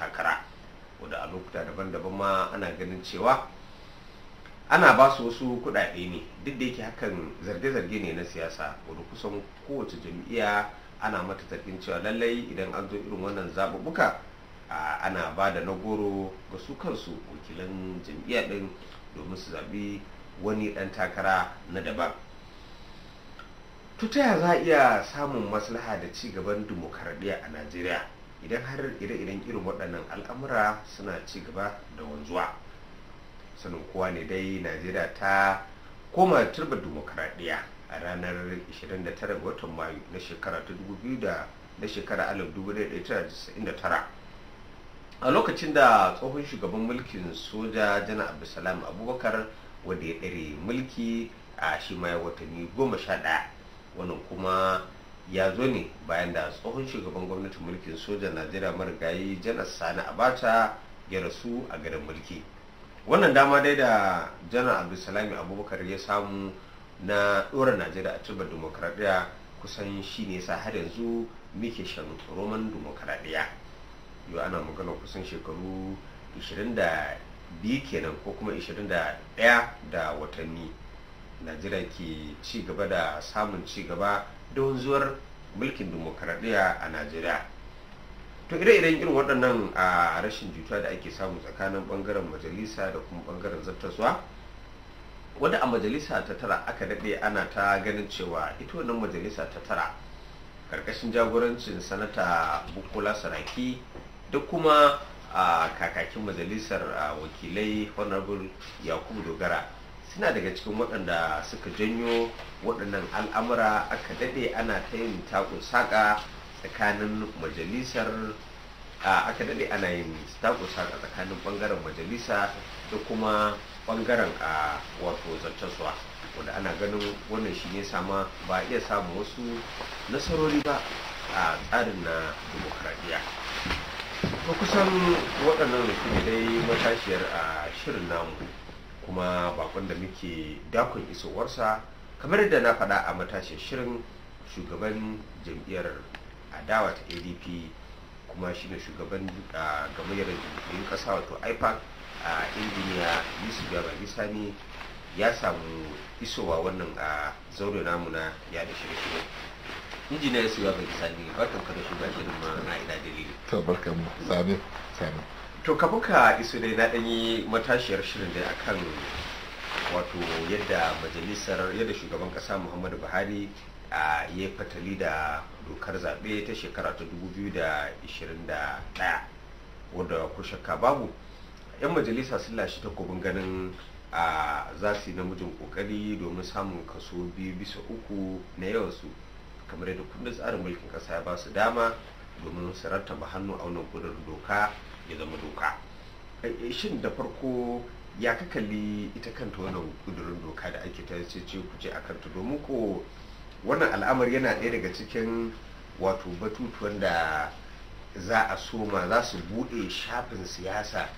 takara wanda a lokuta daban-daban ma ana ganin cewa ana ba su wasu kuɗaɗe ne duk da yake hakan zarge-zarge ne na siyasa wanda kusan kowace jam'iyya ana mata zargin cewa lallai idan an zo irin wannan zaɓuɓɓuka ana ba da na goro ga su kansu wakilan jam'iyya ɗin domin su zaɓi wani ɗan takara na daban tutaya za a iya samun maslaha da ci gaban dimokuraɗiyya a najeriya idan har ire-iren irin waɗannan al'amura suna ci gaba da wanzuwa sanin kowa ne dai najeriya ta koma turbar dimokuraɗiyya a ranar 29 watan mayu na shekara ta 2000 na shekara 1999 a lokacin da tsohon shugaban mulkin soja jana abdulsalam abubakar wanda ya ɗare mulki a shi ma watanni goma sha ɗaya wannan kuma ya zo ne bayan da tsohon shugaban gwamnatin mulkin sojan najeriya marigayi janar sani abacha ya rasu a garin mulki wannan dama dai da janar abdulsalami abubakar ya samu na ɗora najeriya a cibar dimokuraɗiyya kusan shi ne sa har yanzu muke shan roman dimokuraɗiyya yau ana magana kusan shekaru 22 kenan ko kuma 21 da watanni najeriya ke ci gaba da samun ci gaba don zuwar mulkin dimokuraɗiyya a najeriya to ire-iren irin waɗannan a rashin jituwa da ake samu tsakanin ɓangaren majalisa da kuma ɓangaren zartaswa. wadda a majalisa ta tara aka daɗe ana ta ganin cewa ita wannan majalisa ta tara ƙarƙashin jagorancin sanata bukola saraki da kuma a kakakin majalisar wakilai honorable yakubu dogara suna daga cikin waɗanda suka janyo waɗannan al'amura aka daɗe ana ta yin takun saƙa tsakanin majalisar aka daɗe ana yin takun saƙa tsakanin ɓangaren majalisa da kuma ɓangaren a wato zartaswa wanda ana ganin wannan shi ne sama ba a iya samun wasu nasarori ba a tsarin na dimokuraɗiyya to kusan waɗannan su ne dai matashiyar a shirin namu kuma bakon da muke dakon isowarsa kamar da na faɗa a matashin shirin shugaban jam'iyyar adawa ta adp kuma shine shugaban gamayyar yin ƙasa wato ipac a injiniya yusuf yaba sani ya samu isowa wannan a zaure namu na da shirye-shirye injiniya yusuf yaba sani barkan kada da shugaban shirin ma na ina dalili to barkan mu sami sami to ka buka isu dai na ɗanyi matashiyar shirin dai akan wato yadda majalisar yadda shugaban ƙasa muhammadu buhari a yi fatali da dokar zaɓe ta shekara ta 2021 wadda ku shakka babu 'yan majalisa sun lashe takobin ganin a za su yi namijin kokari domin samun kaso biyu bisa uku na yawansu kamar yadda kundin tsarin mulkin ƙasa ya ba su dama domin su rattaba hannu a wannan gudun doka ya zama doka eh, eh, shin da farko ya kakalli ita kanta wannan kudurin doka da ake ta ce kuce a kanta domin ko wannan al'amar yana ɗaya daga cikin wato batutuwan da za a soma za su buɗe shafin siyasa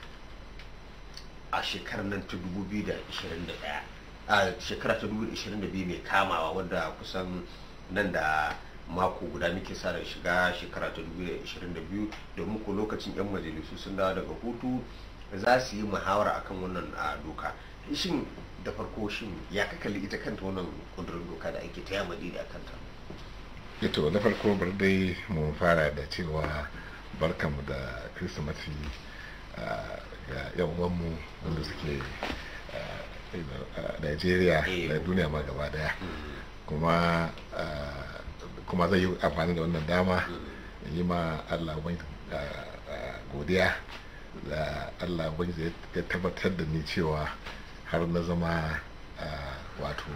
a shekarar nan ta 2021 a shekarar ta 2022 mai kamawa wadda kusan nan da mako guda muke sa da shiga shekara ta 2022 domin ko lokacin 'yan majalisu sun dawo daga hutu za su yi muhawara akan wannan a doka shin da farko shin ya kakalli ita kanta wannan kudurin doka da ake ta yamadi da kanta ito eh na farko bar dai mu fara da cewa barkanmu da kirsimati ga yan wanda suke Najeriya eh. da duniya ma gaba daya mm. kuma kuma zai yi amfani da wannan dama yi ma allah ah, ah, godiya da allah ya tabbatar da ni cewa har na zama ah, wato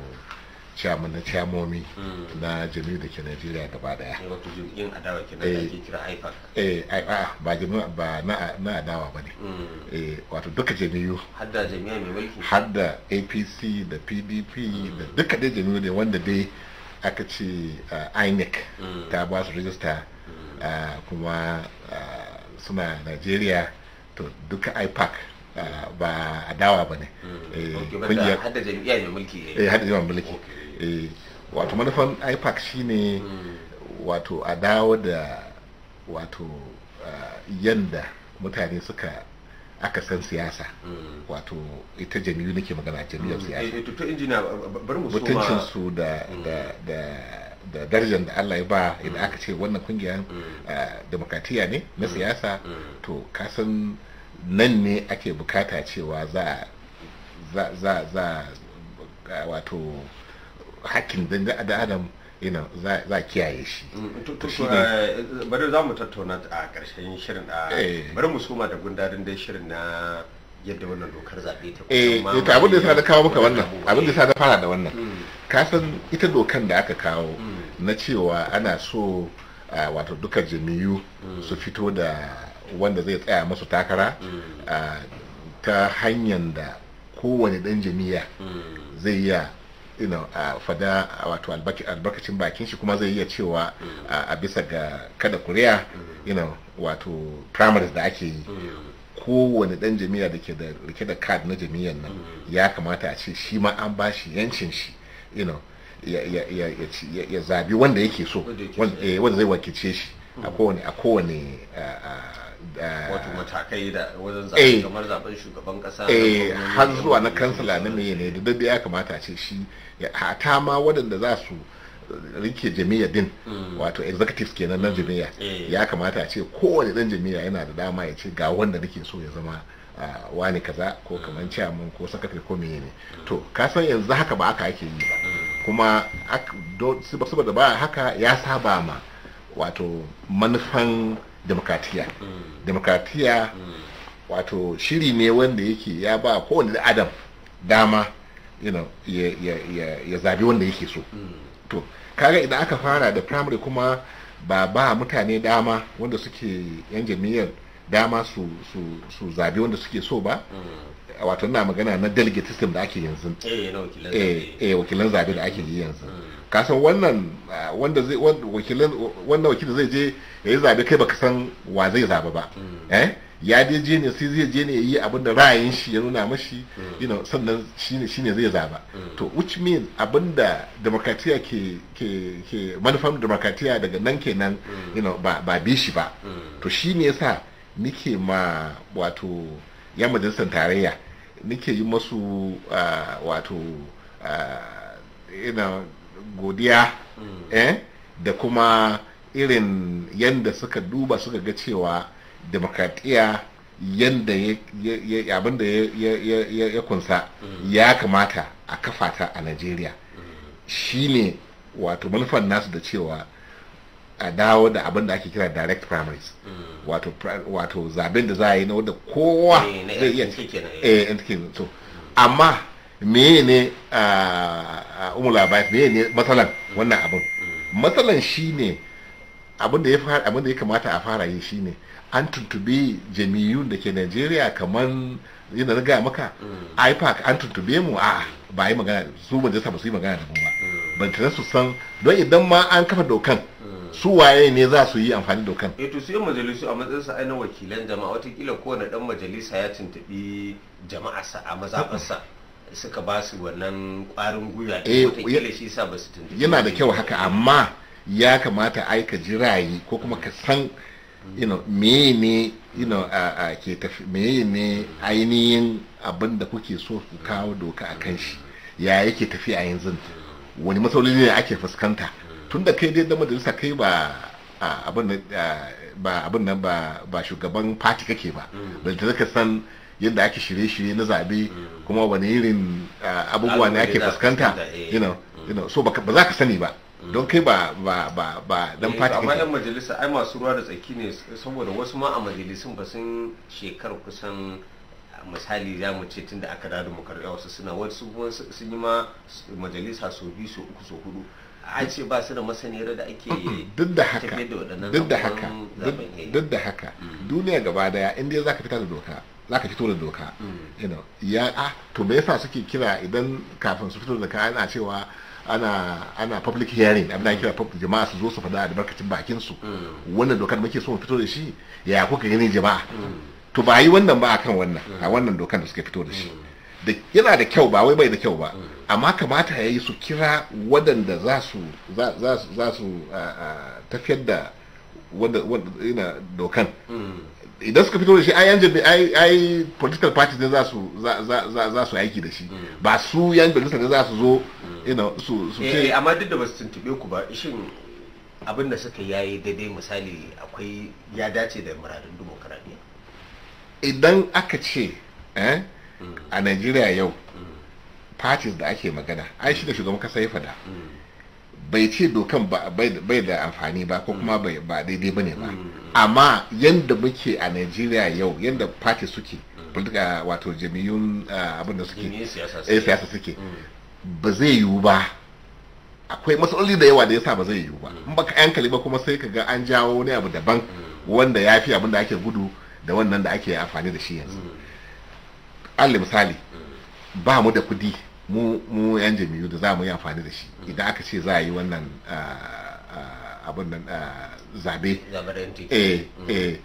chairman na chairmomi hmm. na jami'u da ke Najeriya gaba daya. Wato jam'iyyun adawa ke nan eh. ake kira IFAC. Eh, a ba jami'u ba na adawa ba ne. Hmm. Eh, wato duka jami'u. Hadda jami'a mai mulki. Hadda APC da PDP hmm. da duka dai jami'u ne wanda dai aka ce uh, inec mm. ta ba su rijista mm. uh, kuma uh, suna Nigeria to duka ipac mm. ba dawa ba ne eh, hada jam'iyya mai mulki eh, eh hada jam'iyya mulki eh wato manufan ipac shine wato a dawo da wato yanda mutane suka aka san siyasa mm. wato ita jami'u nake magana jami'ar mm. siyasa eh, eh, to mm. da da da da Allah ya ba idan aka ce wannan kungiyar ah, demokatiya ne na siyasa to kasan nan ne ake bukata cewa za za za wato hakkin da adam za kiyaye shi mm, eh, bari za mu tattauna a ƙarshen shirin a eh. bari mu soma da gundarin dai shirin na yadda wannan dokar zaɓe ta eh, kuma abin da sa da kawo maka wannan abin da sa da fara da wannan mm. ka san ita dokan da aka kawo mm. na cewa ana so wato duka jami'u su fito da wanda zai tsaya masu takara ta hanyar da kowane ɗan jami'a zai yi you know a fada wato albarkacin bakin shi kuma zai iya cewa mm. a bisa ga kada kuriya mm. you know wato primaries da ake yi mm. kowane dan jami'a da ke da rike da card na jami'an nan ya kamata a ce shi ma an ba shi yancin shi you know ya zabi wanda yake so wanda eh, zai wakilce shi a kowane Eh, wato matakai da wajen zaɓe eh, kamar zaɓen shugaban ƙasa eh har zuwa na kansila na mai ne da dai ya kamata ce shi ta ma waɗanda za su rike jami'a din mm. wato executive kenan na mm. jami'a eh. ya kamata a ce kowane ɗan jami'a yana da dama ya ce ga wanda nake so ya zama wani kaza ko mm. kamar chairman ko sakatare ko mai ne to ka san yanzu haka ba aka ake yi ba kuma saboda ba haka ya saba ma wato manufan demokratiya demokratiya wato shiri ne wanda yake ya ba kowane adam dama ya, zabi wanda yake so to kaga idan aka fara da primary kuma ba ba mutane dama wanda suke yan jami'ar dama su, zabi wanda suke so ba wato na magana na delegate system da ake yanzu eh wakilan eh, zabe eh, da ake yi yanzu hmm. kasan wannan ah, wanda zai wannan wakilin zai je ya yi zabe kai baka san wa zai zabe ba mm. eh ya dai je ne sai zai je ne yi abin ra'ayin shi ya nuna mashi mm. you sannan shine shine zai zaba mm. to which mean abin da demokratiya ke ke ke manufan demokratiya daga nan kenan you know ba ba bi shi ba to shine yasa nike ma wato ya majalisar tarayya nike yi masu ah, wato ah, godiya mm. eh, da kuma irin yadda suka duba suka ga cewa demokratiya yadda abinda ya kunsa mm. ya kamata a kafata a najeriya mm. shine wato manufan nasu da cewa a dawo da abin da ake kira direct primaries wato zaben da za a yi na wadda kowa eh, zai iya so eh. amma menene ne a umula ba menene ne matsalan wannan abin mm. matsalan shine abin da ya fara abin da ya kamata a fara yi shine an tuntubi jami'un da ke Najeriya kamar yadda na gaya maka mm. IPAC an tuntube mu a ba yi magana su ba jasa ba su yi magana da mu ba mm. ban tare su san don idan ma an kafa dokan su waye ne za su yi amfani dokan eh to su yi majalisu a matsayin sa na wakilan jama'a watakila kowane dan majalisa ya tuntubi jama'arsa a mazaɓarsa suka ba su wannan ƙwarin gwiwa da eh, wata shi sa ba su yana da kyau haka amma ya kamata aika jirayi ko kuma ka san you know ne, you a ke tafi ne ainihin abin da kuke so ku kawo doka a kan shi ya yake tafi a yanzu wani matsaloli ne ake fuskanta tun da kai dai da majalisa kai ba abin nan ba ba shugaban fati kake ba da mm. ta san yadda ake shirye-shirye na zabe mm. kuma wani irin abubuwa ne ake fuskanta eh. so ba za ka sani ba mm. don kai ba ba ba ba dan fati eh, amma yan majalisa ai masu ruwa da tsaki ne saboda wasu ma a majalisun ba sun shekar kusan misali za mu ce tunda aka da demokaradiyya wasu suna wasu sun yi ma majalisa so biyu so uku so hudu a ce ba su da masaniyar da ake duk da haka eh. duk da haka duk da haka duniya gaba daya in dai ka fita da doka za ka fito da doka mm. ya a to me yasa suke kira idan kafin su fito da doka ana cewa ana ana public hearing abin da kira public jama'a su zo su faɗa albarkacin bakin su mm. wannan dokar muke so mu fito da shi ya kuka gani jama'a mm. to ba yi wannan ba akan wannan a wannan dokar da suke fito da shi yana da kyau ba wai bai da kyau ba amma kamata ya yi su kira waɗanda za su za su tafiyar da dokan idan suka fito da shi ai yan ai political parties ne za su za su aiki da shi mm. ba su yan jalisa ne za su zo mm. you know su su eh, ce eh, amma duk da ba su tuntube ku ba shin abin da suka yayi daidai misali akwai ya dace da muradun dimokuraɗiyya idan aka ce eh, mm. a Najeriya yau parties da ake magana ai shi da shugaban kasa ya fada bai ce dokan bai da amfani ba ko kuma mm. ba daidai ba ba mm. amma yadda muke a najeriya yau yadda party suke mm. politika wato jami'un ah, abinda eh, suke siyasa suke ba zai yiwu ba akwai matsaloli da yawa da yasa ba zai yiwu ba in baka yankali ba kuma sai ka ga an jawo wani abu daban wanda ya fi abin da ake gudu da wannan da ake amfani da shi yanzu alli misali ba mu da kudi mu yan jami'u da za mu yi amfani da shi idan aka ce za a yi wannan ah, ah, abin nan ah, zabe eh, mm-hmm. eh.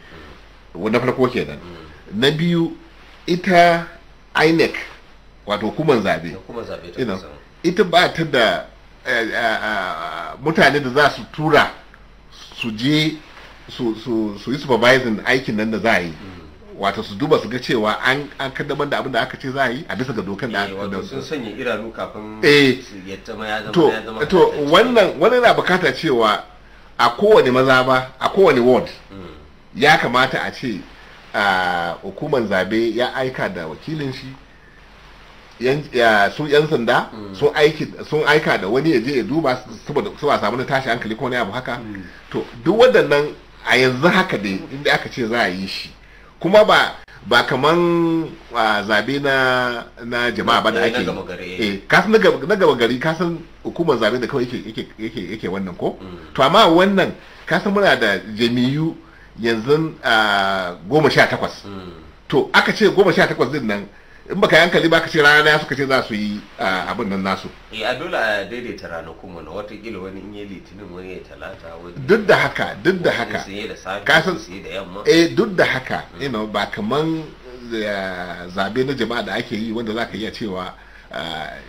mm-hmm. na farko kenan mm-hmm. na biyu ita inec wato hukumar zabe ita ba ta da eh, mutane da za su tura su je su yi supervising aikin nan da za a yi wato su duba su ga cewa an an kaddamar da abin da aka ce za a yi a bisa ga dokan da eh, aka kaddamar sun sanya idanu kafin eh, ya zama ya zama to wannan wani na bukata cewa a kowane maza ba a kowane ward hmm. ya kamata a ce hukumar zabe ya aika da wakilin shi sun yan sanda hmm. sun aika da wani ya je ya duba saboda su ba samu na tashi hankali ko wani abu haka hmm. to duk waɗannan a yanzu haka dai inda aka ce za a yi shi kuma ba ba kaman zabe na na jama'a ba da eh, ake eh san na gaba gari kasan hukumar zabe da kawai yake yake wannan ko mm. to amma wannan kasan muna da jami'u yanzu goma sha takwas mm. to aka ce goma sha takwas din nan in baka yankali ba ka ce rana daya suka ce za su yi abin nan nasu eh a dole a daidaita ranakun wani watakila wani in yi litinin wani ya talata wani duk da haka duk da haka ka san da yamma eh duk da haka mm. you know ba kaman zabe na jama'a da ake yi wanda za ka iya cewa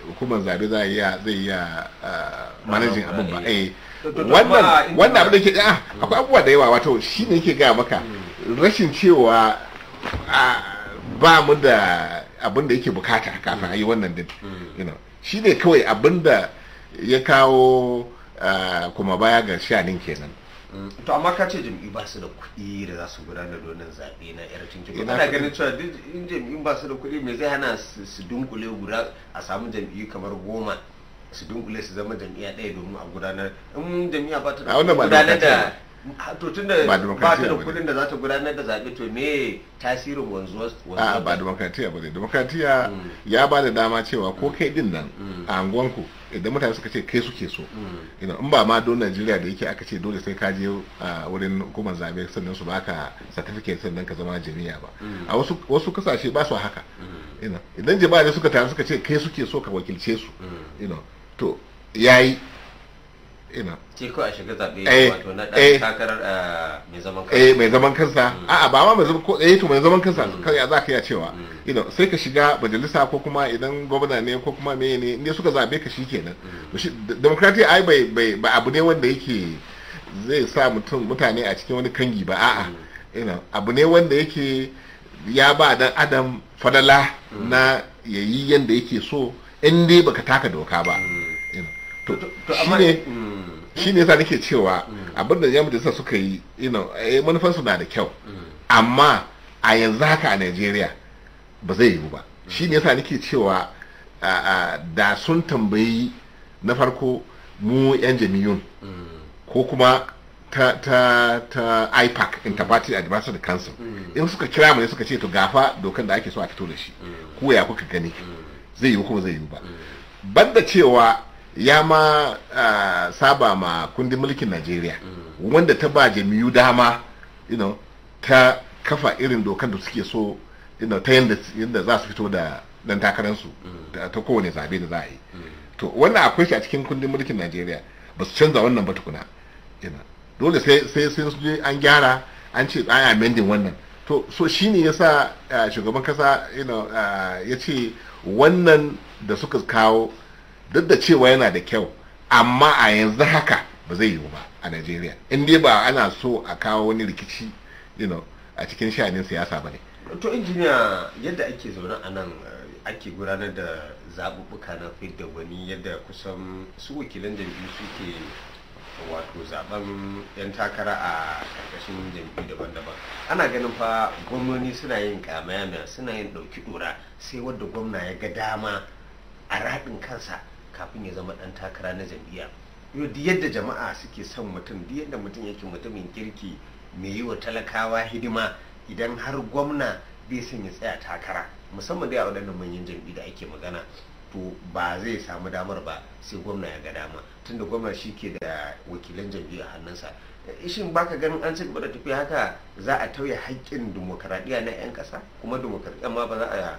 hukumar zabe za iya zai iya manajin abin ba eh wannan wannan abin da ke ah, akwai abubuwa da yawa wato shine yake gaya maka mm. rashin cewa ba mu da abin da yake bukata kafin a yi wannan din mm. shi ne kawai abin da ya kawo kuma baya ga shanin kenan mm. to amma ka ce jam'i ba su da kuɗi da za su gudanar da wannan zaɓe na yar kuma ana ganin cewa in jam'i ba su da kuɗi me zai hana su dunkule guda a samu jam'i kamar goma su dunkule su zama jami'a ɗaya domin a gudanar in jam'iyya ba ta da gudanar da Ah, to tun da ba ta da kudin da za ta gudanar da zaɓe to me tasirin wanzuwa. a ba demokratiya ba ne demokratiya mm. ya ba da dama cewa ko mm. kai din nan mm. a anguwanku idan mutane suka ce kai suke so in ba ma don najeriya da yake aka ce dole sai ka je wurin hukumar zaɓe sannan su baka certificate sannan ka zama jami'a ba a wasu kasashe ba su haka idan jama'a suka taru suka ce kai suke so ka wakilce su to yayi ina ce ko a shiga zaɓe eh, wato na ɗan eh. takarar ah, mai zaman kansa eh mai zaman kansa mm. a'a ba ma mai zaman ko eh to mai zaman kansa mm. kai za ka iya cewa mm. you know sai ka shiga majalisa ko kuma idan gwamna ne ko kuma me ne ne suka zabe ka shi kenan democracy ai bai bai ba abu ne wanda yake zai sa mutum mutane a cikin wani kangi ba a'a you abu ne wanda yake ya ba dan adam fadala na yayi yanda yake so in dai baka taka doka ba to amma. shi ne sa nake cewa abin da yan majalisa suka yi eh, manufansu na da kyau amma a yanzu haka a najeriya ba zai yiwu ba shi ne yasa nake cewa da sun tambayi na farko mu yan jami'un ko kuma ta ta ta ipac interparty advisory council in suka kira mu ne suka ce to gafa dokan da ake so a fito da shi ko ya kuka gani zai yiwu kuma zai yiwu ba banda cewa ya ma saba ma kundin mulkin najeriya wanda ta ba jami'u dama ta kafa irin dokan da suke so you ta yadda za su fito da dan takararsu mm. ta kowane zabe da za a yi mm. to wannan akwai shi a cikin kundin mulkin najeriya ba su canza wannan ba tukuna dole sai sun je an gyara an ce tsaya amending wannan to so shine yasa sa shugaban kasa you ya ce wannan da suka kawo duk da cewa yana da kyau amma a yanzu haka ba zai yiwu ba a najeriya in dai ba ana so a kawo wani rikici you know, a cikin sha'anin siyasa ba ne to injiniya yadda ake zaune a nan eh, ake gudanar da zaɓuɓɓuka na fidda wani yadda kusan su wakilan jam'iyyu suke wato zaben 'yan takara a ƙarƙashin jamiu daban-daban ana ganin fa gwamnoni suna yin kamayana suna yin ɗauki ɗora sai wadda gwamna ya ga dama a raɗin kansa kafin ya zama ɗan takara na jam'iyya yau duk yadda jama'a suke son mutum duk yadda mutum yake mutumin kirki mai yi wa talakawa hidima idan har gwamna bai son ya tsaya takara musamman dai a da manyan jam'i da ake magana to ba zai samu damar ba sai gwamna ya ga dama tunda gwamna shi ke da wakilan jam'i a hannunsa shin baka ganin an ci gaba da tafiya haka za a tauye haƙƙin dimokuraɗiyya na 'yan ƙasa kuma dimokuraɗiyya ma ba za a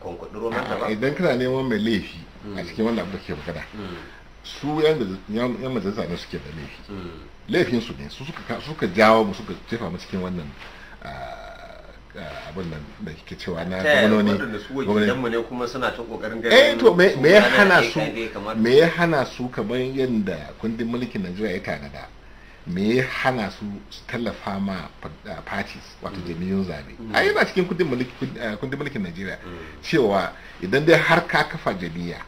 kwankwadiro mata ba idan kana neman mai laifi a mm. cikin wannan abu da ke magana mm. su yan majalisa ne suke da laifi mm. laifin su ne suka jawo mu suka jefa mu cikin wannan ah, ah, abin nan da ke cewa na gwamnoni gwamnoni ne kuma suna ta kokarin gani eh to me ya hana su me ya hana su kamar yadda kundin mulkin Najeriya ya tanada me ya hana su tallafa ma eh, parties wato mm. jami'in zabe mm. a yana cikin kundin eh, mulkin najeriya mm. cewa idan dai har ka kafa jami'a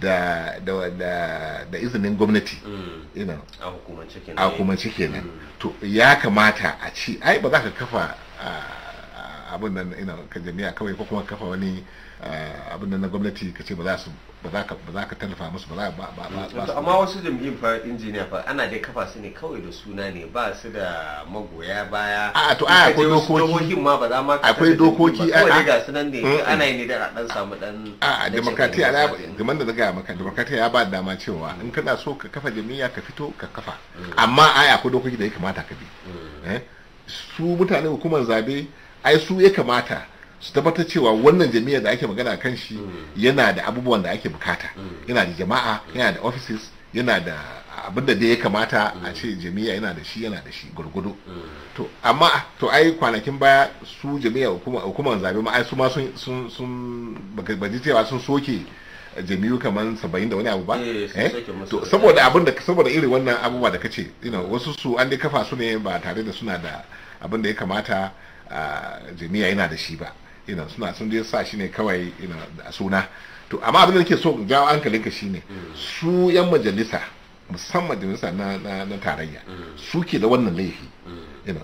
da da da da izinin gwamnati a hukumance kenan to ya kamata a ci ai ba za ka kafa ah, abin nan ina ka jami'a kawai ko kuma kafa wani Eh, abin da na gwamnati ka ce ba za su ba za ka tallafa musu ba za ba amma wasu jam'iyyun fa injiniya fa ana dai kafa su ne kawai da suna ne ba su da magoya baya a to ai akwai dokoki ma ba za ma akwai dokoki a kawai ga su nan ne ana yi ne da dan samu dan a demokratiya ya gaman da na gaya maka demokratiya ya ba dama cewa in kana so ka kafa jam'iyya ka fito ka kafa mm. amma ai akwai dokoki da ya kamata ka bi mm. eh, su mutane hukumar zabe ai su ya kamata su tabbatar cewa wannan jami'ar da ake magana kan shi mm. yana da abubuwan da ake bukata mm. yana da jama'a mm. yana da offices yana da abin da dai ya kamata a ce jami'a yana da shi yana da shi gurgudu to amma to ai kwanakin baya su jami'a hukumar zabe ma ai su ma sun sun baji cewa sun soke jami'u kamar saba'in da wani abu ba eh, eh? to saboda abin da saboda irin wannan abubuwa da kace wasu su an dai kafa su ne ba tare da suna da abin da ya kamata ah, jami'a yana da shi ba ina suna sun je sa shi ne kawai ina a suna to amma abin da nake so hankalin ka shine su yan majalisa musamman majalisa na na tarayya suke da wannan laifi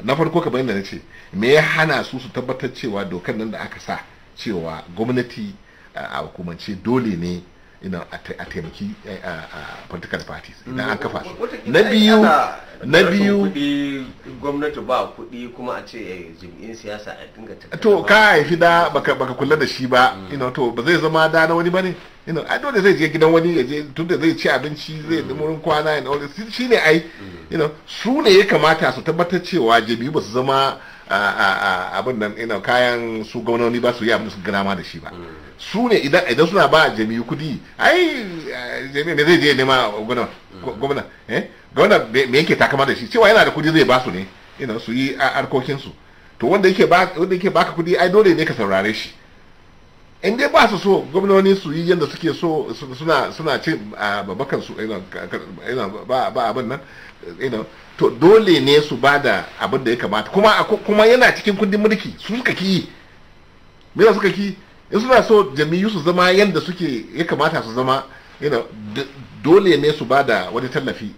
na farko kamar yadda na ce me ya hana su su tabbatar cewa dokar nan da aka sa cewa gwamnati a hukumance dole ne a taimaki eh, political parties idan an kafa su na biyu na biyu gwamnati ba kuɗi kuma a ce eh, jami'in siyasa a dinga to ka haifi da baka baka kula da shi ba ina to ba zai zama da na wani bane ina a dole zai je gidan wani ya je da zai ci abinci zai yi mm. murin kwana ina shi ne ai ina su ne ya kamata su tabbatar cewa jami'u ba su zama abin nan ina kayan su gwamnati ba su yi abin su gana ma da shi ba mm. su ne idan idan suna ba jami'u kudi ai jami'u ne zai je nema gwamna gwamna eh gwamna me yake takama da shi cewa yana da kudi zai ba su ne ina su yi harkokin su to wanda yake ba wanda yake baka kudi ai dole ne ka saurare shi in dai ba su so gwamnoni su yi yadda suke so suna suna cin babakan su ina ba ba abin nan ina to dole ne su ba da abin da ya kamata kuma kuma yana cikin kundin mulki su suka ki me suka ki in suna so jami'u su zama yadda suke ya kamata su zama dole ne su bada wani tallafi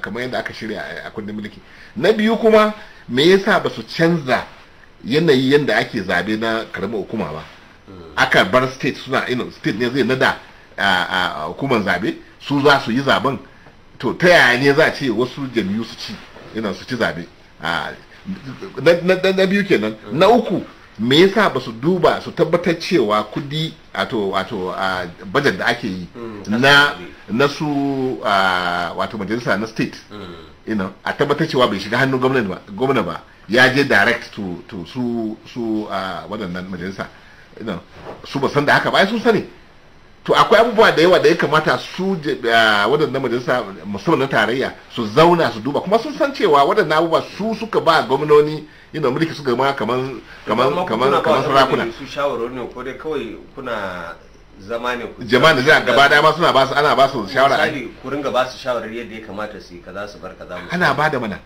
kamar yadda aka shirya a kundin mulki na biyu kuma me yasa ba su canza yanayi yadda ake zabe na karamin hukuma ba mm. aka bar state suna state ne zai nada a hukumar zabe su za su yi zaben to ta yaya ne za ce wasu jami'u su ci su ci zabe na biyu kenan mm. na uku me yasa ba su duba su tabbatar cewa kudi wato wato a budget da ake yi mm, na na su wato majalisa na state mm. you know a tabbatar cewa bai shiga hannun gwamnati ba gwamna ba ya je direct to to su su wadannan majalisa you know su ba san da haka ba ai sun sani to akwai abubuwa da yawa da ya kamata su ah, waɗanda majalisa musamman na tarayya su zauna su duba kuma sun san cewa waɗanda abubuwa su suka ba gwamnoni yana mulki suka ma kaman kaman kaman kaman sarakuna su shawarwari ne ko dai kawai kuna zama ne ku jama'a da zai gaba dama suna ba su ana ba su shawara misali ku ringa ba su shawarwari yadda ya kamata su yi kaza su bar kaza ana ba da mana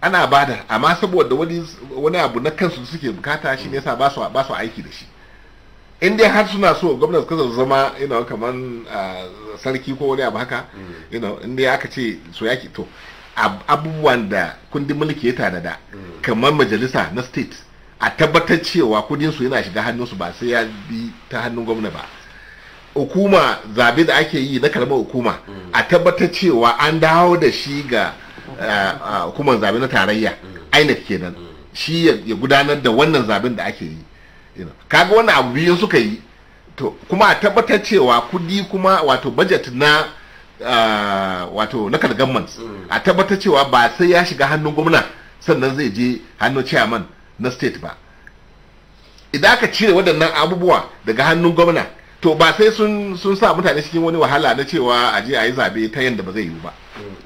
ana ba da amma saboda wani wani abu na kansu suke bukata shi ne yasa ba su ba su aiki da shi in dai har suna so gwamnati kusa zama you know kamar ah, sarki ko wani abu haka mm. you in dai aka ce so yaki to abubuwan da kundin mulki ya da mm. kamar majalisa na state a tabbatar cewa kudinsu yana shiga hannunsu ba sai ya bi ta hannun gwamna ba hukuma zabe da ake yi na karamar hukuma mm. a tabbatar cewa an dawo da shi ga ah, ah, hukumar zabe na tarayya INEC kenan shi ya gudanar da wannan zaben da ake yi kaga wani abu biyu suka yi to kuma a tabbatar cewa kudi kuma wato budget na uh, wato na kan mm. a tabbatar cewa ba sai ya shiga hannun gwamna sannan zai je hannun chairman na state ba idan aka cire waɗannan abubuwa daga hannun gwamna to ba sai sun sa mutane cikin wani wahala na cewa a je a yi zabe ta yadda ba zai yiwu ba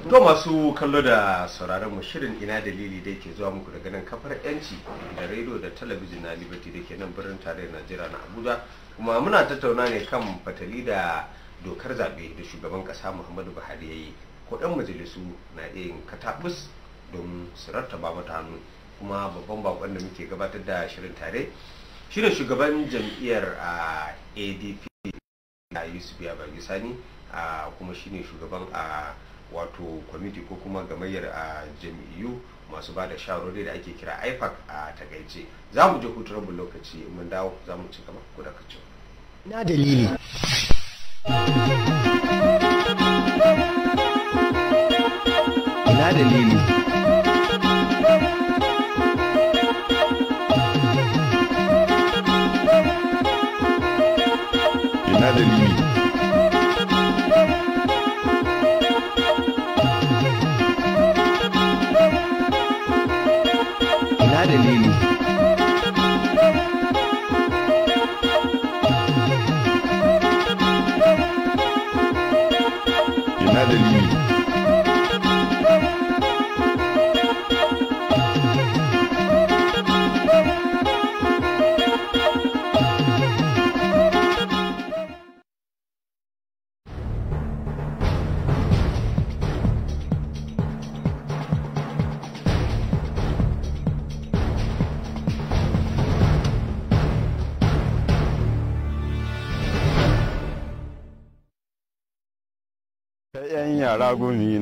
to masu kallo da sauraron mu shirin ina dalili da ke zuwa muku daga nan kafar yanci da rediyo da talabijin na liberty da ke nan birnin tarayyar najeriya na abuja kuma muna tattauna ne kan fatali da dokar zaɓe da shugaban ƙasa muhammadu buhari ya yi ko ɗan majalisu na iya yin katabus domin su rattaba mata hannu kuma babban bakon da muke gabatar da shirin tare shine shugaban jam'iyyar adp a yusuf yabagi sani kuma shine shugaban a wato kwamiti ko kuma gamayyar a jam'iyyu masu ba da shawarwari da ake kira ipac a takaice za mu je hutun mu lokaci mun dawo za mu ci gaba ku da na dalili na dalili área, Lili.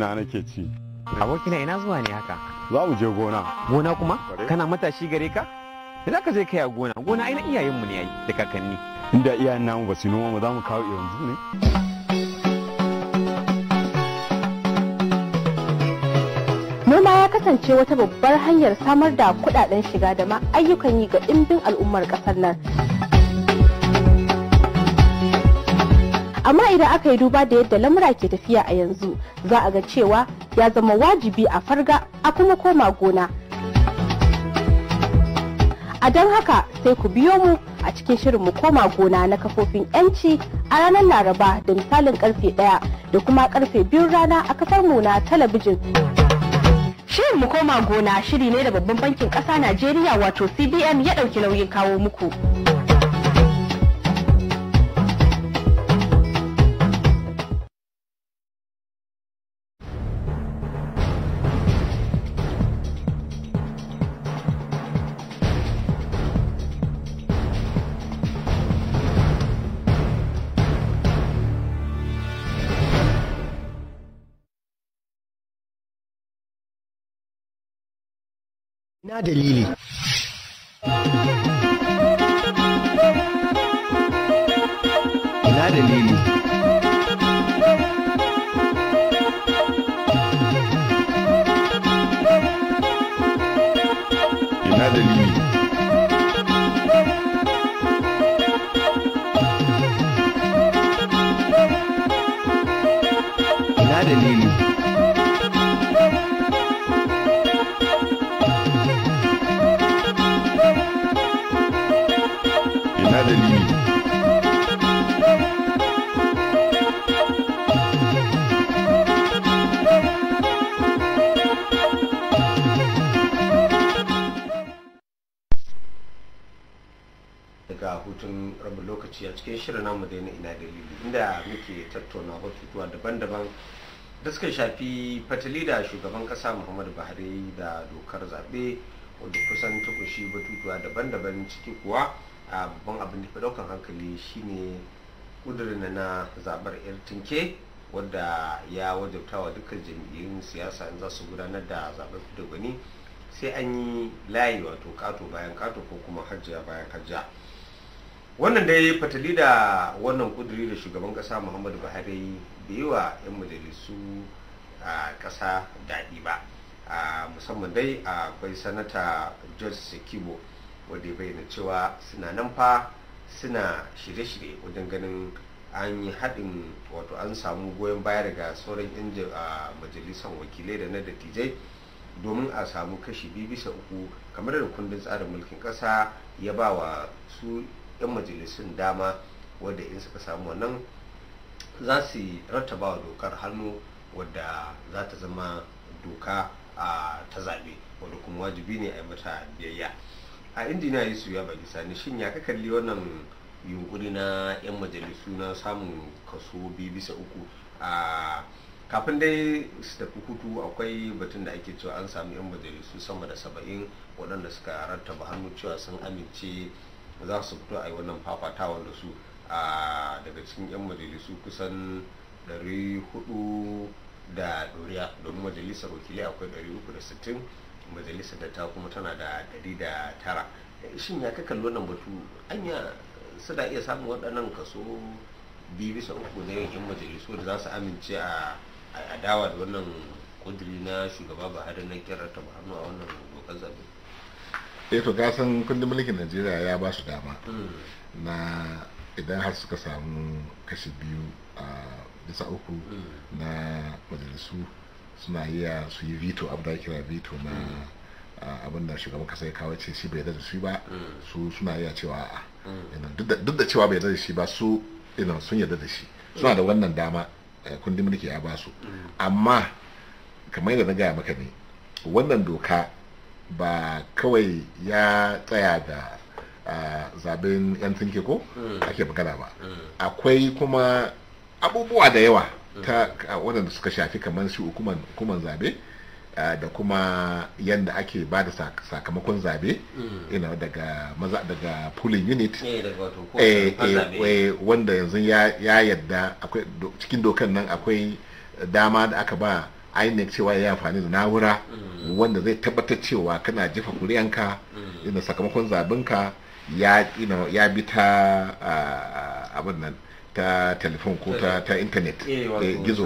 ina nake ci abokina ina zuwa ne haka za mu je gona gona kuma kana matashi gare ka da ka je kai a gona gona ina iyayen iyayenmu ne yayi da kakanni inda iyayen namu ba su noma mu za mu kawo yanzu ne noma ya kasance wata babbar hanyar samar da kuɗaɗen shiga da ma ayyukan yi ga dimbin al'ummar ƙasar nan amma idan aka yi duba da yadda lamura ke tafiya a yanzu za a ga cewa ya zama wajibi a farga a kuma koma gona a don haka sai ku biyo mu a cikin shirin mu koma gona na kafofin yanci a ranar laraba da misalin karfe ɗaya da kuma karfe biyun rana a kasar mu na talabijin shirin mu koma gona shiri ne da babban bankin ƙasa najeriya wato cbn ya ɗauki nauyin kawo muku. ina dalili ina dalili cikin shirin namu da na ina dalili inda muke tattauna batutuwa daban-daban da suka shafi fatali da shugaban kasa muhammadu buhari da dokar zaɓe wadda kusan ta batutuwa daban-daban ciki kuwa a babban abin da hankali shine ƙudurin na zaɓar yar tinke wadda ya wajabta wa dukkan jam'iyyun siyasa in za su gudanar da zaɓen fito gwani sai an yi layi wato kato bayan kato ko kuma hajjiya bayan hajjiya wannan dai fatali da wannan kuduri da shugaban kasa muhammadu buhari bai yi wa 'yan majalisu a kasa daɗi ba musamman dai akwai sanata george sekibo wadda ya bayyana cewa suna nan fa suna shirye-shirye wajen ganin an yi haɗin wato an samu goyon baya daga sauran 'yan majalisar wakilai da na dattijai domin a samu kashi biyu bisa uku kamar da kundin tsarin mulkin ƙasa ya ba wa su 'yan majalisun dama wadda in suka samu wannan za su rattaba wa dokar hannu wadda za ta zama doka a ta zaɓe wadda kuma wajibi ne a yi mata biyayya a injiniya yusu ya baki sani shin ya ka kalli wannan yunkuri na 'yan majalisu na samun kaso biyu bisa uku a kafin dai su tafi hutu akwai batun da ake cewa an samu 'yan majalisu sama da saba'in waɗanda suka rattaba hannu cewa sun amince za su fito a yi wannan fafatawan da su a daga cikin 'yan majalisu kusan 400 da doriya domin majalisar wakilai akwai 360 majalisar da ta kuma tana da 109 shin ya ka wannan batu anya suna iya samun waɗannan kaso biyu bisa uku na yankin majalisu da za su amince a adawa da wannan kudiri na shugaba buhari na kirar ta a wannan dokar zabe eh to gasan kundin mulkin najeriya ya ba su dama mm. na idan har suka samu kashi biyu a bisa uku mm. na majalisu suna iya su yi veto abu da kira veto na mm. abin da shugaban kasa ya kawo ce shi bai yarda da shi ba su suna iya cewa a duk da cewa bai yarda da shi ba su ina sun yarda da shi suna da wannan dama eh, kundin mulki ya ba su amma kamar yadda na gaya maka ne wannan doka ba kawai ya tsaya da zaben yan tsinke ko mm. ake magana ba mm. akwai kuma abubuwa da yawa ta mm. waɗanda suka shafi kamar shi hukumar zabe da kuma yadda ake ba da sakamakon zabe Ina daga maza daga pulling unit eh, eh, eh, wanda yanzu ya yadda cikin dokan nan akwai dama da aka ba ainihin cewa ya amfani da na'ura mm. wanda zai tabbatar cewa kana jefa kuri'anka mm. inda sakamakon zabinka ya bi ta abin nan ta telefon ko ta ta internet eh, eh, gizo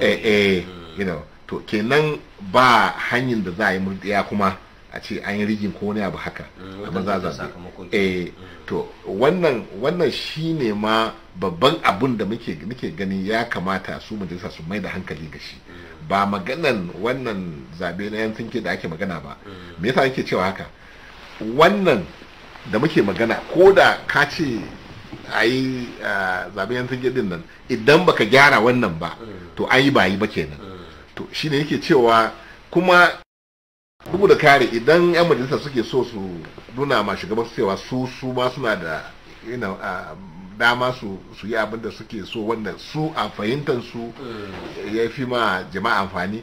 eh, mm. to kenan ba hanyar da za a yi murdiya kuma a ce an yi rigin ko wani abu haka amma za zabe eh to wannan wannan shine ma babban abun da muke muke gani ya kamata su majalisa su mai da hankali ga shi ba maganan wannan zabe na yan da ake magana ba mm. me yasa nake cewa haka wannan da muke magana ko da ka ce a yi zabe yan din nan idan baka gyara wannan ba mm. to an yi bayi ba kenan mm. to shine yake cewa kuma bugu da kare idan yan majalisa suke so su nuna ma shugaban cewa su su ma suna da dama su su yi abin da suke so wanda su a fahimtar su mm. ya fi ma jama'a amfani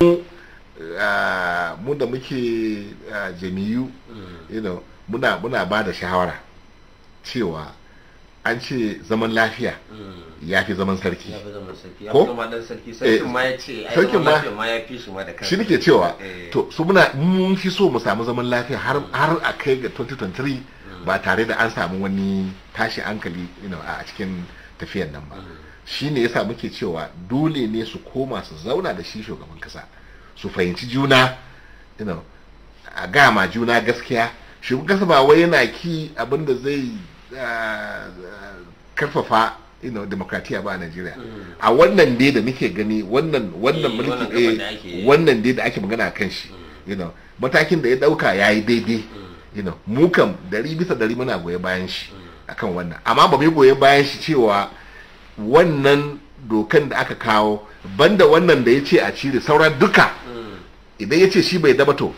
mu da muke jami'u mm. muna muna ba da shawara cewa an ce zaman lafiya mm. ya fi zaman sarki ko sarkin ma ya da shi nake cewa eh. to su muna mun fi so mu samu zaman lafiya har a kai ga 2023 ba tare da an samu wani tashi hankali a cikin tafiyan nan ba mm. shi ne yasa muke cewa dole ne su koma su zauna da shi shugaban kasa su fahimci juna a gama juna gaskiya shugaban kasa ba wai yana ki abinda zai ah, karfafa you demokratiya ba a Najeriya mm. a wannan dai da muke gani wannan eh, mulki eh, wannan dai da ake magana kan shi mm. matakin da ya ɗauka ya yi daidai you know mu kam dari bisa dari muna goye bayan shi akan wannan amma ba mu goya bayan shi cewa wannan dokan da aka kawo banda wannan da ya ce a cire sauran duka mm. idan ya ce shi bai daba to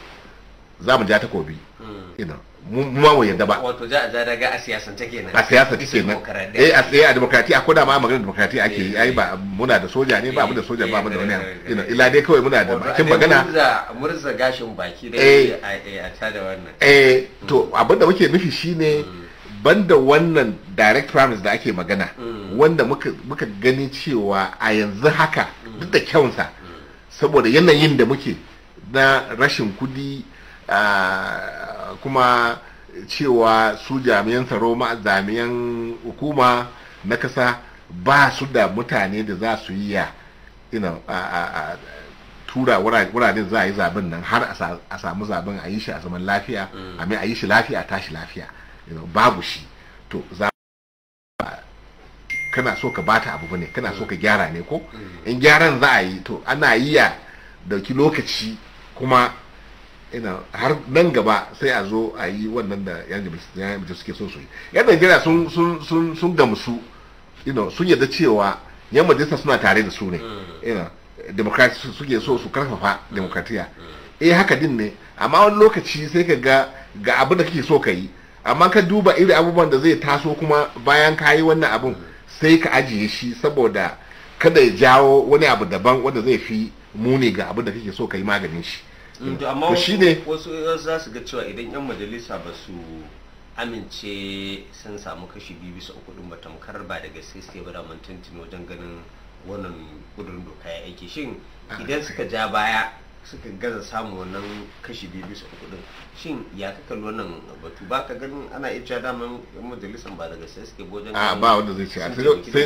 za mu ja takobi mm. you know mu ma mu yarda ba wato za a daga a siyasa kenan a siyasa ta kenan eh a tsaye eh, a demokratiya ko da ma maganar demokratiya eh, ake yi eh, ai ba muna da soja ne ba mu da soja ba mu da wani ina ila dai kawai muna da bakin magana murza murza gashin baki dai a ta da wannan eh mm. to abinda muke nufi shine mm. banda wannan direct promise da ake magana mm. wanda muka gani cewa a yanzu haka duk da kyaunsa saboda yanayin da muke na rashin kudi Ah, kuma cewa su jami'an tsaro ma jami'an hukuma na kasa ba su da mutane da za su yi ya tura wuraren za a yi zaben nan har a samu zaben a yi shi a zaman lafiya mm. a mai a yi shi lafiya tashi lafiya babu shi to za kana so ka bata abu ne kana so ka gyara ne ko mm. in gyaran za a yi to ana yi ya dauki lokaci kuma ina har nan gaba sai a zo a yi wannan da yan jam'iyyar suke so su yi yan najeriya sun gamsu sun yadda cewa yan majalisa suna tare da su ne mm. ina suke so su karfafa mm. demokratiya mm. eh haka din ne amma wani lokaci sai ka ga ga abin da kake so ka yi amma ka duba irin abubuwan da zai taso kuma bayan ka yi wannan abun sai ka ajiye shi saboda kada ya jawo wani abu daban wanda zai fi muni ga abin da kake so ka yi maganin shi Mm. to amma wasu eh, za su ga cewa idan yan majalisa ba su amince sun samu kashi biyu bisa uku din ba tamkar ba daga gaske ba da mantantin wajen ganin wannan gudun doka ya aiki shin ah. idan suka ja baya suka gaza samu wannan kashi biyu bisa uku din shin ya ka kalli wannan batu ba ka ganin ana iya cewa daman majalisan ba daga sai suke bojan a ba wanda zai ce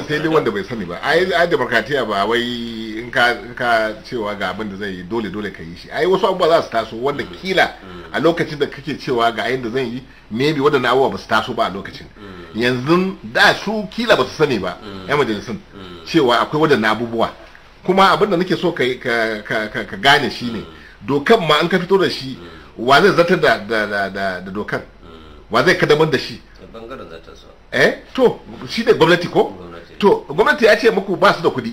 sai dai wanda bai sani ba ai ai demokratiya ba wai in ka ka cewa ga abin da zai yi dole dole ka yi shi ai wasu abubuwa za su taso wanda mm. kila a mm. lokacin da kake cewa ga yadda zan yi maybe na abubuwa ba su taso ba a lokacin mm. yanzu da su kila ba su sani ba yan majalisan. cewa akwai wadannan abubuwa kuma abin da nake so ka gane shi ne dokan ma an ka fito da shi wa zai zata da dokan wa zai kadamar da shi eh to shi da gwamnati ko to gwamnati ya ce muku ba su da kuɗi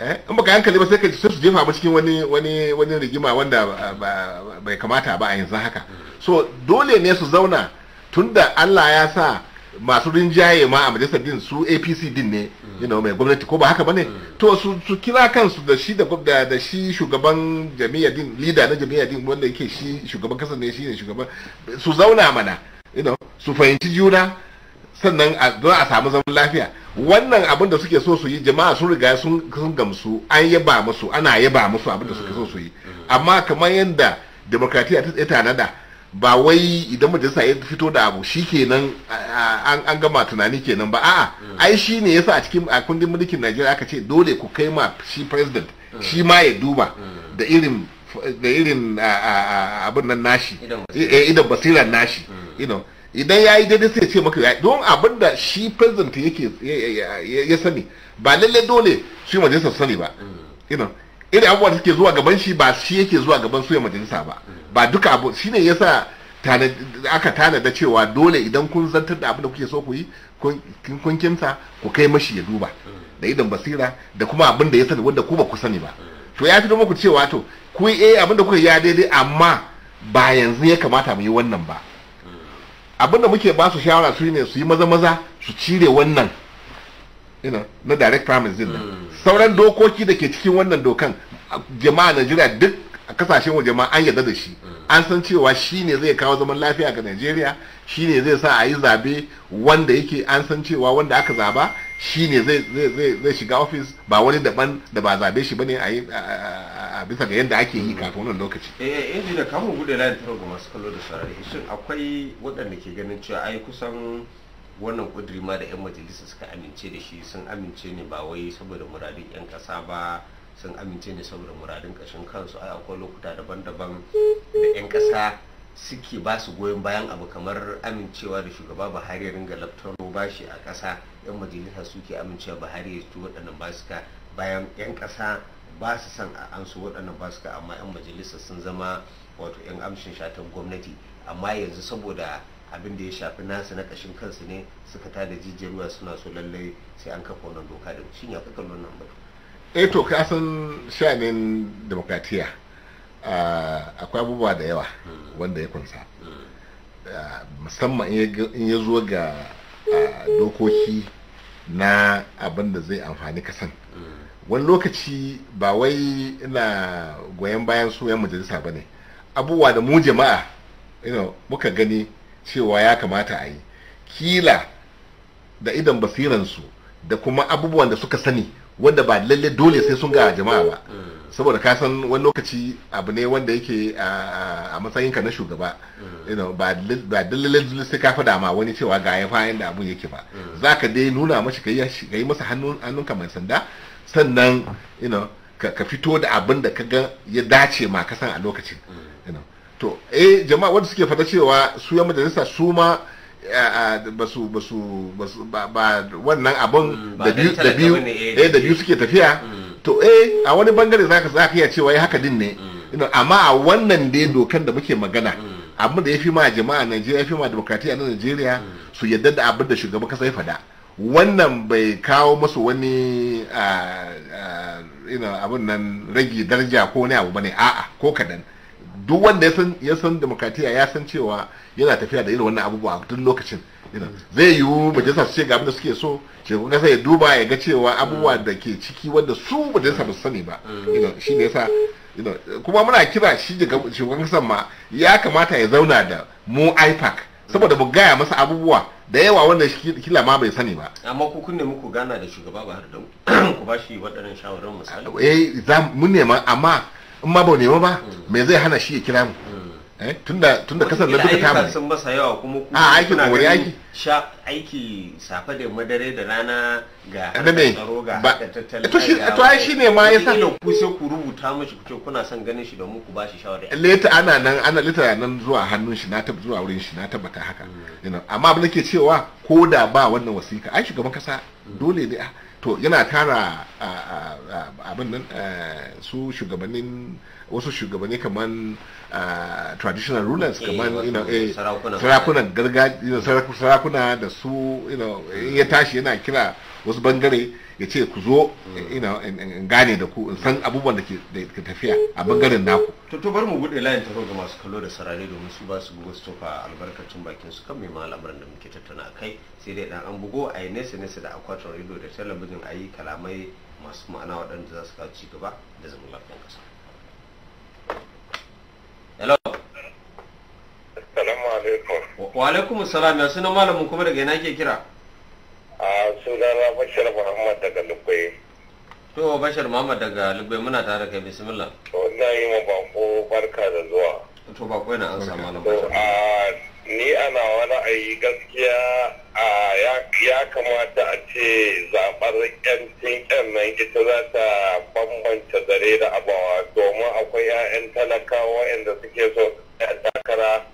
eh in baka hankali ba sai ka su jefa cikin wani wani wani rigima wanda bai kamata ba a yanzu haka so dole ne su zauna tunda Allah ya sa masu rinjaye ma a majalisar din su apc din ne you know mai gwamnati ko ba haka bane to su kira kansu da shi da da shi shugaban jami'a din leader na jami'a din wanda yake shi shugaban kasar ne shi ne shugaban su zauna mana you know su fahimci juna sannan don a samu zaman lafiya wannan abin da suke so su yi jama'a sun riga sun gamsu an yaba musu ana yaba musu abin da suke so su yi mm. amma kamar yadda demokratiya ta tanada ba wai idan majalisa ya fito da abu shi kenan an gama tunani kenan ba a'a hmm. ai shi ne yasa a cikin a kundin mulkin Najeriya aka ce dole ku kai ma shi president hmm. shi ma ya duba hmm. da irin da irin abin nan nashi idan eh, eh, basiran nashi idan ya yi daidai sai ce maka ya don abin da shi president yake ya sani ba lalle dole shi majalisar sani ba irin abubuwa suke zuwa gaban shi ba shi yake zuwa gaban suya majalisa ba ba duka abu Shi shine yasa aka tanada cewa dole idan kun zantar da abin da kuke so ku yi kun kinsa ku kai mashi ya duba da idan basira da kuma abin da ya sani wanda ku ba ku sani ba to ya fi fito muku cewa to ku eh abin da kuka ya daidai amma ba yanzu ya kamata mu yi wannan ba abin da muke ba su shawara su ne su yi maza maza su cire wannan na direct promise din hmm. sauran dokoki da ke cikin wannan dokan jama'a Najeriya duk a kasashen waje ma an yarda da shi hmm. an san cewa shi ne zai kawo zaman lafiya ga Najeriya shi ne zai sa a yi zabe wanda yake an san cewa wanda aka zaba shi ne zai shiga ofis ba wani daban da ba zabe shi bane a bisa ga yadda ake yi hmm. kafin wannan lokaci eh eh kamun gudu masu kallo da sarari shin akwai waɗanda ke ganin cewa ai kusan wannan kudiri ma da 'yan majalisa suka amince da shi sun amince ne ba wai saboda muradin 'yan kasa ba sun amince ne saboda muradin kashin kansu a akwai lokuta daban-daban da 'yan ƙasa suke ba su goyon bayan abu kamar amincewa da shugaba buhari ringa laftaro bashi a ƙasa. 'yan majalisa suke amincewa buhari ya ci waɗannan basuka bayan 'yan ƙasa ba su san a an su waɗannan basuka amma 'yan majalisa sun zama wato 'yan amshin shatan gwamnati amma yanzu saboda abin da ya shafi nasu na kashin kansu ne suka da jijiyar ruwa suna so lallai sai an kafa wannan doka da shi ya kakar wannan batu eh to ka san sha'anin demokratiya akwai abubuwa da yawa wanda ya kunsa musamman in ya zo ga dokoki na abin da zai amfani kasan wani lokaci ba wai ina goyon bayan su 'yan majalisa ba ne abubuwa da mu jama'a muka gani cewa ya kamata a yi kila da idan basiransu da kuma abubuwan da suka sani wanda ba lalle dole sai sun ga jama'a ba saboda ka san wani lokaci abu ne wanda yake a matsayinka na shugaba ba lalle sai ka faɗa ma wani cewa ga ya fayan da abun yake ba za ka dai nuna mashi ka yi masa hannunka mai sanda sannan ka fito da abin da ka ga ya dace ma kasan a lokacin to eh jama'a wanda suke fata cewa su yan majalisa su ma eh, eh, ba su ba su ba wannan abun mm, da biyu da biyu eh, eh da biyu suke tafiya mm. to eh a wani bangare zaka zaka iya cewa ya haka din ne mm. amma a wannan dai dokan da muke magana abin da ya fi ma jama'a Najeriya ya fi ma demokratiya na Najeriya su yadda da abin da shugaban kasa ya faɗa wannan bai kawo masu wani ah, ah, abin nan rage daraja ko wani abu ne a'a ko kadan duk wanda ya san demokratiya ya san cewa yana tafiya da irin wannan abubuwa duk lokacin zai yiwu majalisa su ce ga abin da suke so shugaban sai ya duba ya ga cewa abubuwa da ke ciki wanda su majalisa ba su sani ba shi ne yasa kuma muna kira shi shugaban kasa ma ya kamata ya zauna da mu ipac saboda mu gaya masa abubuwa da yawa wanda kila ma bai sani ba amma ku kun muku gana da shugaba ba har da ku ba shi waɗannan shawarar misali eh za mu neman amma in ma ba nema ba mm. me zai hana shi ya kira mu mm. eh, tunda tunda kasar da duka tamu sun masa yawa kuma ku a aikin wani aiki sha aiki safa da madare da rana ga eh, tsaro ga tattalin eh, to shi to ai shine ma yasa da ku sai ku rubuta mishi ku ce kuna son ganin shi da mu ku ba shi shawara leta ana nan ana leta nan zuwa hannun shi na tab zuwa wurin shi na tabbata haka mm. amma abin da ke cewa ko da ba wannan wasiƙa ai shugaban kasa dole ne a to yana tara abin nan eh, su shugabannin wasu shugabanni kamar eh, traditional rulers eh, kamar sarakunan gargajiya sarakuna da su ya tashi yana kira wasu bangare ya ce ku zo mm. in gane da ku in san abubuwan da ke tafiya a bangaren naku to to bar mu bude layin taro ga masu kallo da sarari domin su ba su bugo su tofa albarkacin bakin su kan mai malamarin da muke tattauna kai sai dai dan an bugo a yi nesa nesa da akwatin rido da talabijin a yi kalamai masu ma'ana waɗanda za su kawo ci gaba da zaman lafiyar ƙasa. Hello. alaikum. Wa alaikum salam. ya suna malamin kuma daga ina ke kira? a sunana bashir muhammad daga lubbai to bashir muhammad daga lubbai muna tare kai bismillah to na yi ma bako barka da zuwa to bako yana an samu na bashir ni ana wani ayi gaskiya ya kamata a ce zaɓar yancin yan nan ita za ta bambanta dare da abawa domin akwai 'ya'yan talakawa inda suke so takara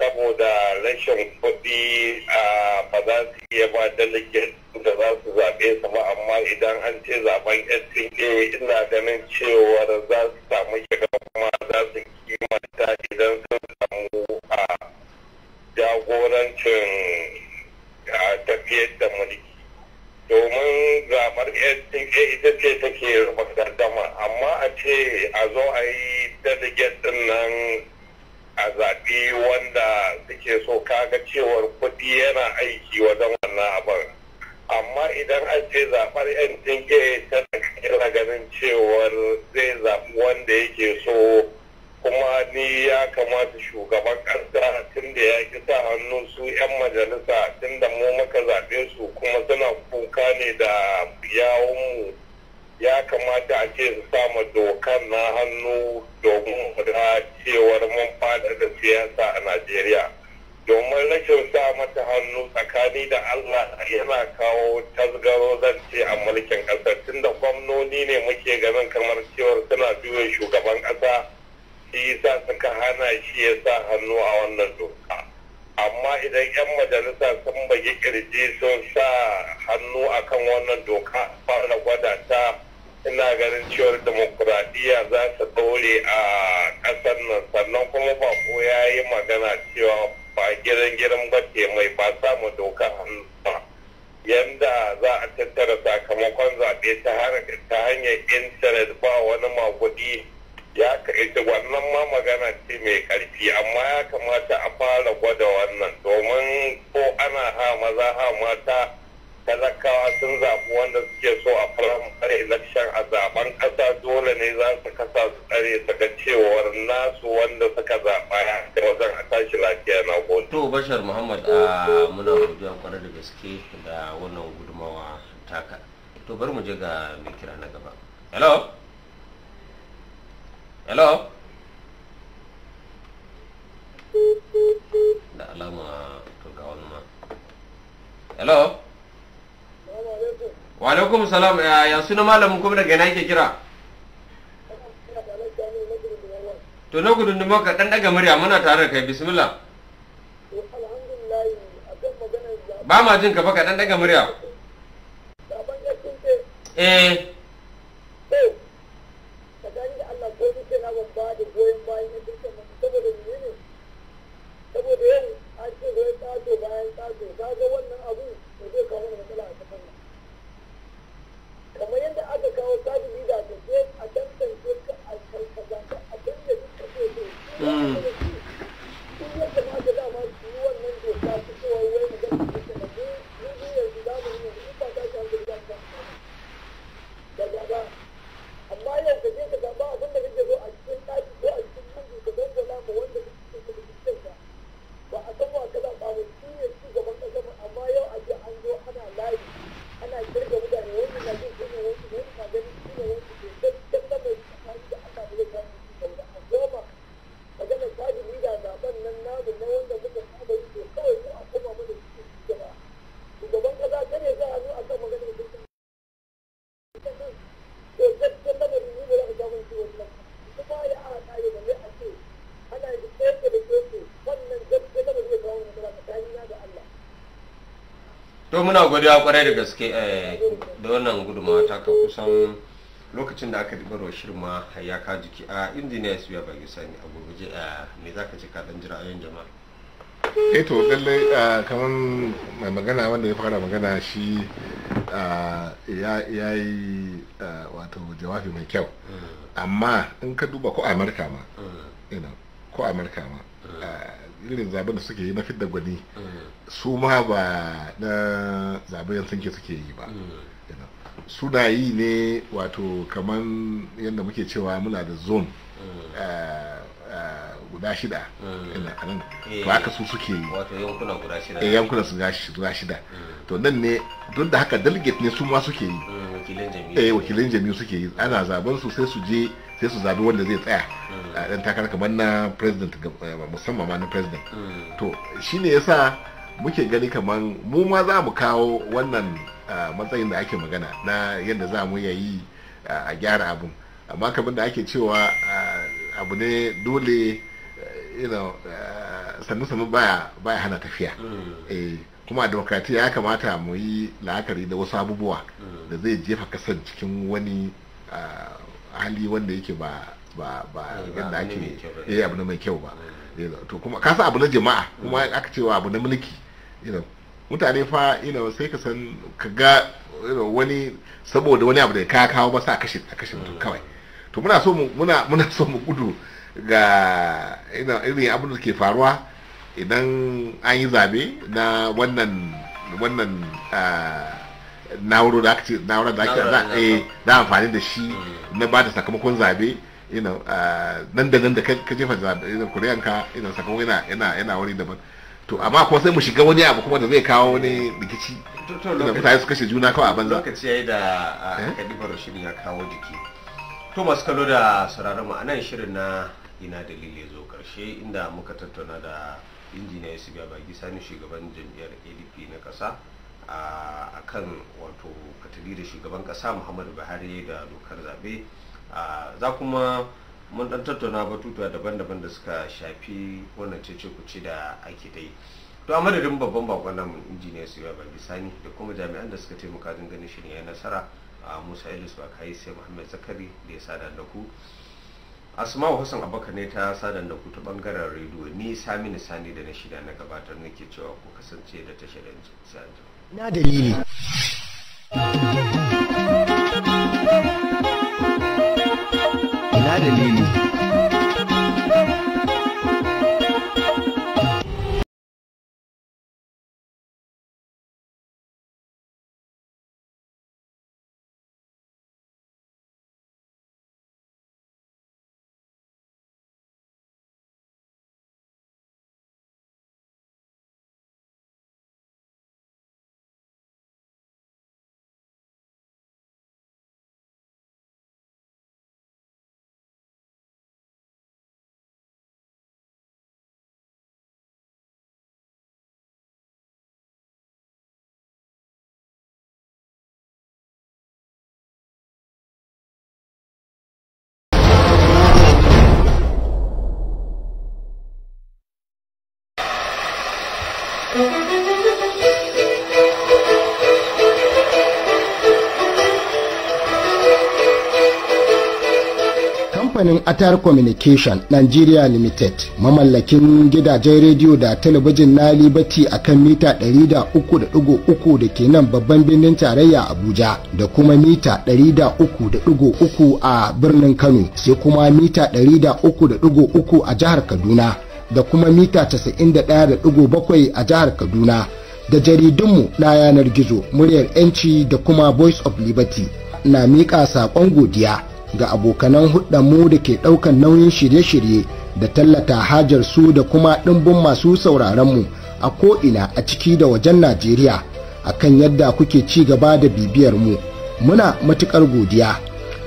saboda rashin kuɗi a ba za su iya ba delegate da za su zaɓe su ba amma idan an ce zaben SDA ina ganin cewar za su samu shiga kuma za su kimanta idan sun samu a jagorancin tafiyar da mulki domin zaɓar SDA ita ce take rubutardama amma a ce a zo a yi delegate ɗin nan a zaɓi wanda suke so kaga cewar kuɗi yana aiki wajen wannan abin amma idan an ce zaɓar yan tinke tana ganin cewar zai zaɓi wanda yake so kuma ni ya kamata shugaban ƙasa tun da ya ki sa hannu su 'yan majalisa tun da mu muka zaɓe su kuma suna kuka ne da mu ya kamata a ce su sama dokar na hannu domin da cewar mun fada da siyasa a najeriya domin rashin sa mata hannu tsakani da allah yana kawo tasgaro zance a mulkin ƙasar tunda gwamnoni ne muke ganin kamar cewar suna biyo shugaban ƙasa shi sa suka hana shi ya sa hannu a wannan doka amma idan 'yan majalisa sun bagi kirji sun sa hannu akan wannan doka fara gwada ta ina ganin cewar demokuraɗiyya za ta ɗaure a ƙasar nan sannan kuma bako ya yi magana cewa ba gidan gidan ba ce mai ba samu doka hannu ba Yadda za a tattara sakamakon zaɓe ta hanyar intanet ba wani magudi ya kaita wannan ma magana ce mai ƙarfi amma ya kamata a fara gwada wannan domin ko ana ha maza ha mata talakawa sun zaɓi wanda suke so a faramfare election a zaben ƙasa dole ne za su kasa su tsare su ga cewar nasu wanda suka zaɓa ya ta wajen a tashi lafiya na gode. To Bashar Muhammad a muna godiya kwarai da gaske da wannan gudumawa taka. To bari mu je ga mai kira na gaba. Hello? Hello? Da alama to ga wani ma. Hello? wa salam ya suna malamin kuma daga yana ke kira to na gudun da maka dan daga murya muna tare da kai bismillah ba ma jin ka baka ka dan daga murya eh saboda yin a ce zai tsato bayan tsato ga wannan abu ina godiya kwarai da gaske eh, da wannan gudunmawa ta ka kusan lokacin da aka dibar shirin ma ya ka jiki a injiniya su ya bagi sani a gurguje a me za ka ce ka jira a jama'a eh to lallai kamar mai magana wanda ya fara magana shi ya yi wato jawabi mai kyau mm. amma in ka duba ko amurka ma mm. ko amurka ma mm. irin zaben da suke yi na fidda gwani su ma ba na yan sunke suke yi ba suna yi ne wato kamar yadda muke cewa muna da zone mm. eh, eh, guda shida mm. a nan eh. to haka su suke yi Wato yankunan guda shida shida. Mm. to nan ne don da haka delegate ne su ma suke yi wakilin jami'u suke yi ana zaben su sai su je sai su zabi wanda zai tsaya a dan takar kamar na president musamman ma na president to shine yasa muke gani kamar mu ma za mu kawo wannan matsayin da ake magana na yadda za mu yayi a gyara abin amma kamar da ake cewa abu ne dole sannu-sannu baya hana tafiya mm. eh, kuma demokratiya ya kamata mu yi la'akari da wasu abubuwa mm. da zai jefa kasar cikin wani hali wanda yake ba yadda ake yi abu na mai kyau ba eh, mm. eh, to kuma kasa abu na jama'a kuma aka cewa abu na mulki you know mutane fa you know sai ka san ka ga you know wani saboda wani abu da ka kawo ba kashe a kashe mutum kawai to muna so mu muna muna so mu gudu ga you know irin abin da ke faruwa idan an yi zabe na wannan wannan ah, na'urar da ake na'urar eh, da ake da amfani da shi mm. na ba da sakamakon zabe you know ah, nan da nan da ka jefa zabe kuri'anka sakamakon yana yana wani daban to amma kuma sai mu shiga wani abu kuma da zai kawo wani rikici da mutane su kashe juna kawai a banza lokaci yi da eh? kadibar shirin ya kawo jiki to masu kallo da sauraron mu anan shirin na ina dalili zo karshe inda muka tattauna da injiniya Yusuf Babagi Sani shugaban jam'iyyar ADP na kasa a kan wato katali da shugaban kasa Muhammadu Buhari da dokar zabe za kuma mun dan tattauna batutuwa daban-daban da suka shafi wannan cece kuce da ake ta yi to a madadin babban bakon namu injiniya su yawa bagi sani da kuma jami'an da suka taimaka don ganin shirin ya nasara a musa ilis ba kayi sai muhammad zakari da ya sada da ku asma'u hassan abaka ne ta sada da ku ta bangaren rediyo ni sami sani da na shida na gabatar nake cewa ku kasance da tashar na dalili Marilyn. kamfanin atar communication nigeria limited mamallakin gidajen rediyo da talabijin na Libati a kan mita 300.3 da ke nan babban birnin tarayya abuja da kuma mita 300.3 a birnin kano sai kuma mita 300.3 a jihar kaduna da kuma mita 91.7 a jihar kaduna da jaridunmu na yanar gizo muryar 'yanci da kuma voice of liberty na miƙa saƙon godiya ga abokanan mu da ke ɗaukan nauyin shirye-shirye da tallata hajar su da kuma ɗimbin masu sauraronmu a ko'ina a ciki da wajen Najeriya a kan yadda kuke ci gaba da bibiyar mu. Muna matuƙar godiya.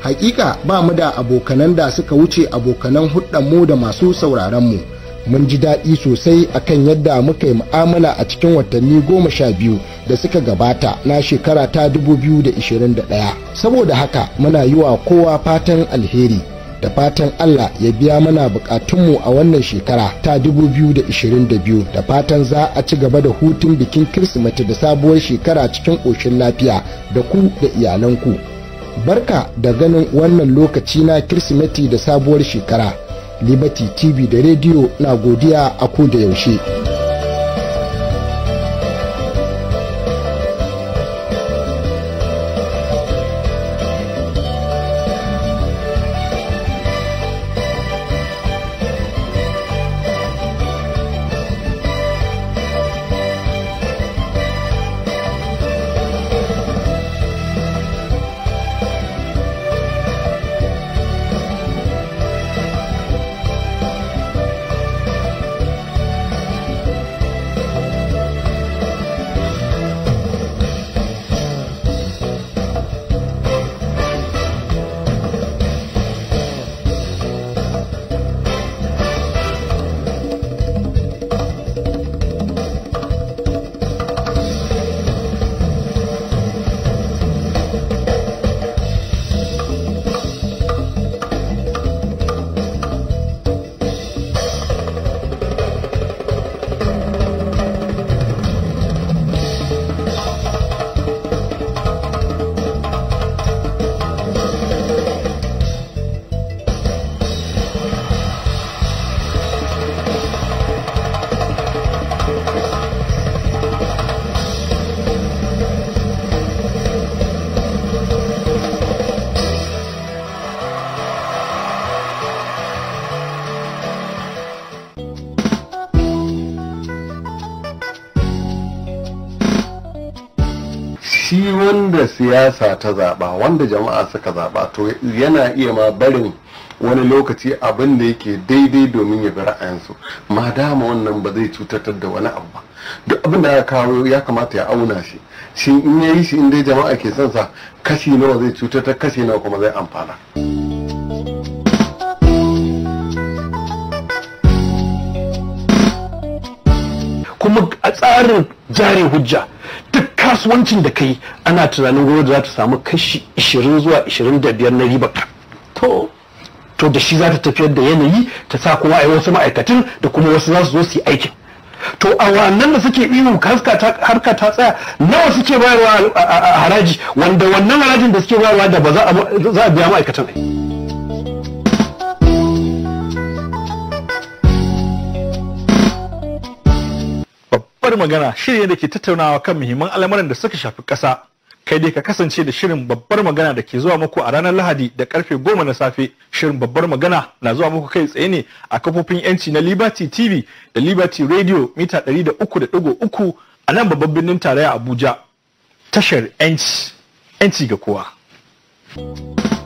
Hakika ba mu da abokanan da suka wuce abokanan mu da masu sauraronmu. mun ji daɗi sosai a kan yadda muka yi mu'amala a cikin watanni goma sha biyu da suka gabata na shekara ta 2021 saboda haka muna yi wa kowa fatan alheri da fatan Allah ya biya mana bukatunmu a wannan shekara ta 2022 da fatan za a ci gaba da hutun bikin kirsimeti da sabuwar shekara cikin ƙoshin lafiya da ku da iyalanku barka da ganin wannan lokaci na kirsimeti da sabuwar shekara liberty tv da rediyo na godiya a ko da yaushe siyasa ta zaɓa wanda jama'a suka zaɓa to yana iya ma barin wani lokaci abin da yake daidai domin ya bi ra'ayinsu ma dama wannan ba zai cutar da wani abu ba duk abin da aka kawo ya kamata ya auna shi shi in yayi shi in dai jama'a ke son sa kashi nawa zai cutar kashi nawa kuma zai amfana. kuma a tsarin jari hujja kasuwancin da kai ana tunanin gwamnati za ta samu kashi 20 zuwa 25 na riba. to to da shi za ta tafiyar da yanayi ta sa kowa a wasu ma'aikatan da kuma wasu za su zo su yi aikin to a wannan da suke ihun harka ta tsaya nawa suke bayarwa haraji wanda wannan harajin da suke bayarwa da ba za a biya ma'aikatan ai babbar magana shirye da ke tattaunawa kan muhimman al'amuran da suka shafi ƙasa kai dai ka kasance da shirin babbar magana da ke zuwa muku a ranar lahadi da karfe goma na safe shirin babbar magana na zuwa muku kai tsaye ne a kafofin yanci na liberty tv da liberty radio mita 300.3 a nan babban birnin tarayya abuja tashar yanci yanci ga kowa